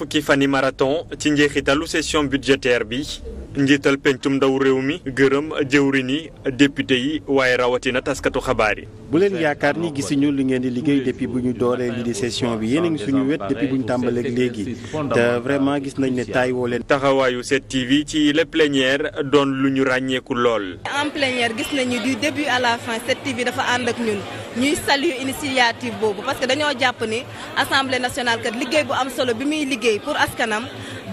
fukki fani marathon ci njeexitalu session budgétaire bi njiital pencum ndaw réew mi gërëm jëwriñ yi député yi waaye rawatina taskatu xabaar yi. bu leen yaakaar ni gisuñu li ngeen di liggéey depuis bu ñu dooree li di session bi yéen a ngi suñu wet depuis bu ñu tàmbaleeg léegi te vraiment gis nañ ne taay woo leen. taxawaayu 7TV ci le plénière doon lu ñu ràññeeku lool. en plénière gis nañu du début à la fin 7TV dafa ànd ak ñun ñuy saluer initiative boobu parce dañoo jàpp ni assemblée nationale kat liggéey bu am solo bi muy liggéey pour askanam.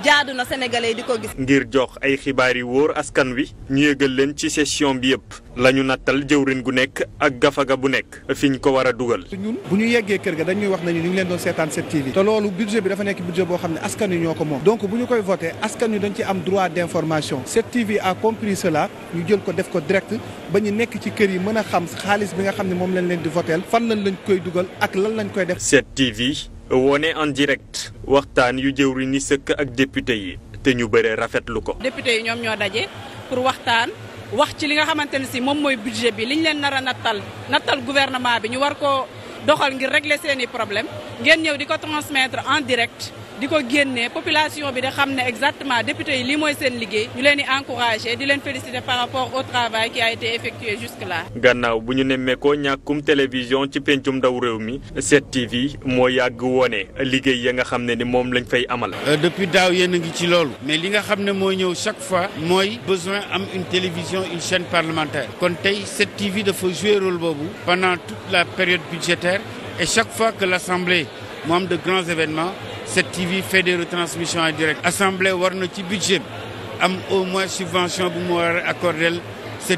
jaadu na sénégalais di ko gis. ngir jox ay xibaar yu wóor askan wi ñu yëgal leen ci session bi yëpp la ñu nattal jëwrin gu nekk ak gafaga bu nekk fi ñu ko war a dugal. ñun bu ñu yeggee kër ga dañuy wax nañu li ñu leen doon seetaan set TV te loolu budget bi dafa nekk budget boo xam ne askan wi ñoo ko moom donc bu ñu koy voté askan wi dañ ci am droit d'information set TV a compris cela ñu jël ko def ko direct ba ñu nekk ci kër yi mën a xam xaalis bi nga xam ne moom lañ leen di voté fan lañ lañ koy dugal ak lan lañ koy def. set TV. wone en direct waxtaan yu jëwri ni sëkk ak député yi te ñu bëree rafetlu ko. député yi ñoom ñoo daje pour waxtaan wax ci li nga xamante ne si moom mooy budget bi liñ leen nar a nattal nattal gouvernement bi ñu war ko doxal ngir régler seen i problème ngeen ñëw di ko transmettre en direct di ko génnee population bi da xam ne exactement député yi lii mooy seen liggéey ñu leen di encouragé di leen féliciter par rapport au travail qui a été effectué jusque là. gannaaw bu ñu nemmeekoo ñàkkum télévision ci pencum ndaw réew mi 7TV moo yàgg woone liggéey ya nga xam ne ni moom lañ fay amal. Euh, depuis daaw yéen a ngi ci loolu. mais li nga xam ne moo ñëw chaque fois. mooy besoin am une télévision une chaîne kon tey 7TV dafa jouer rôle boobu. communautaire. Et chaque fois que l'Assemblée mu am de grands événements cette TV fait des retransmissions en direct. Assemblée war na ci budget am au moins subvention bu mu war a accordel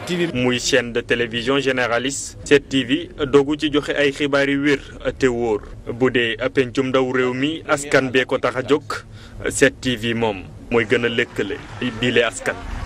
TV. muy chaîne de télévision généraliste. cette TV dogu ci joxe ay xibaar yu wér te wóor. bu dee pencum ndaw réew mi askan bee ko tax a jóg cette TV moom mooy gën a lëkkale biile askan.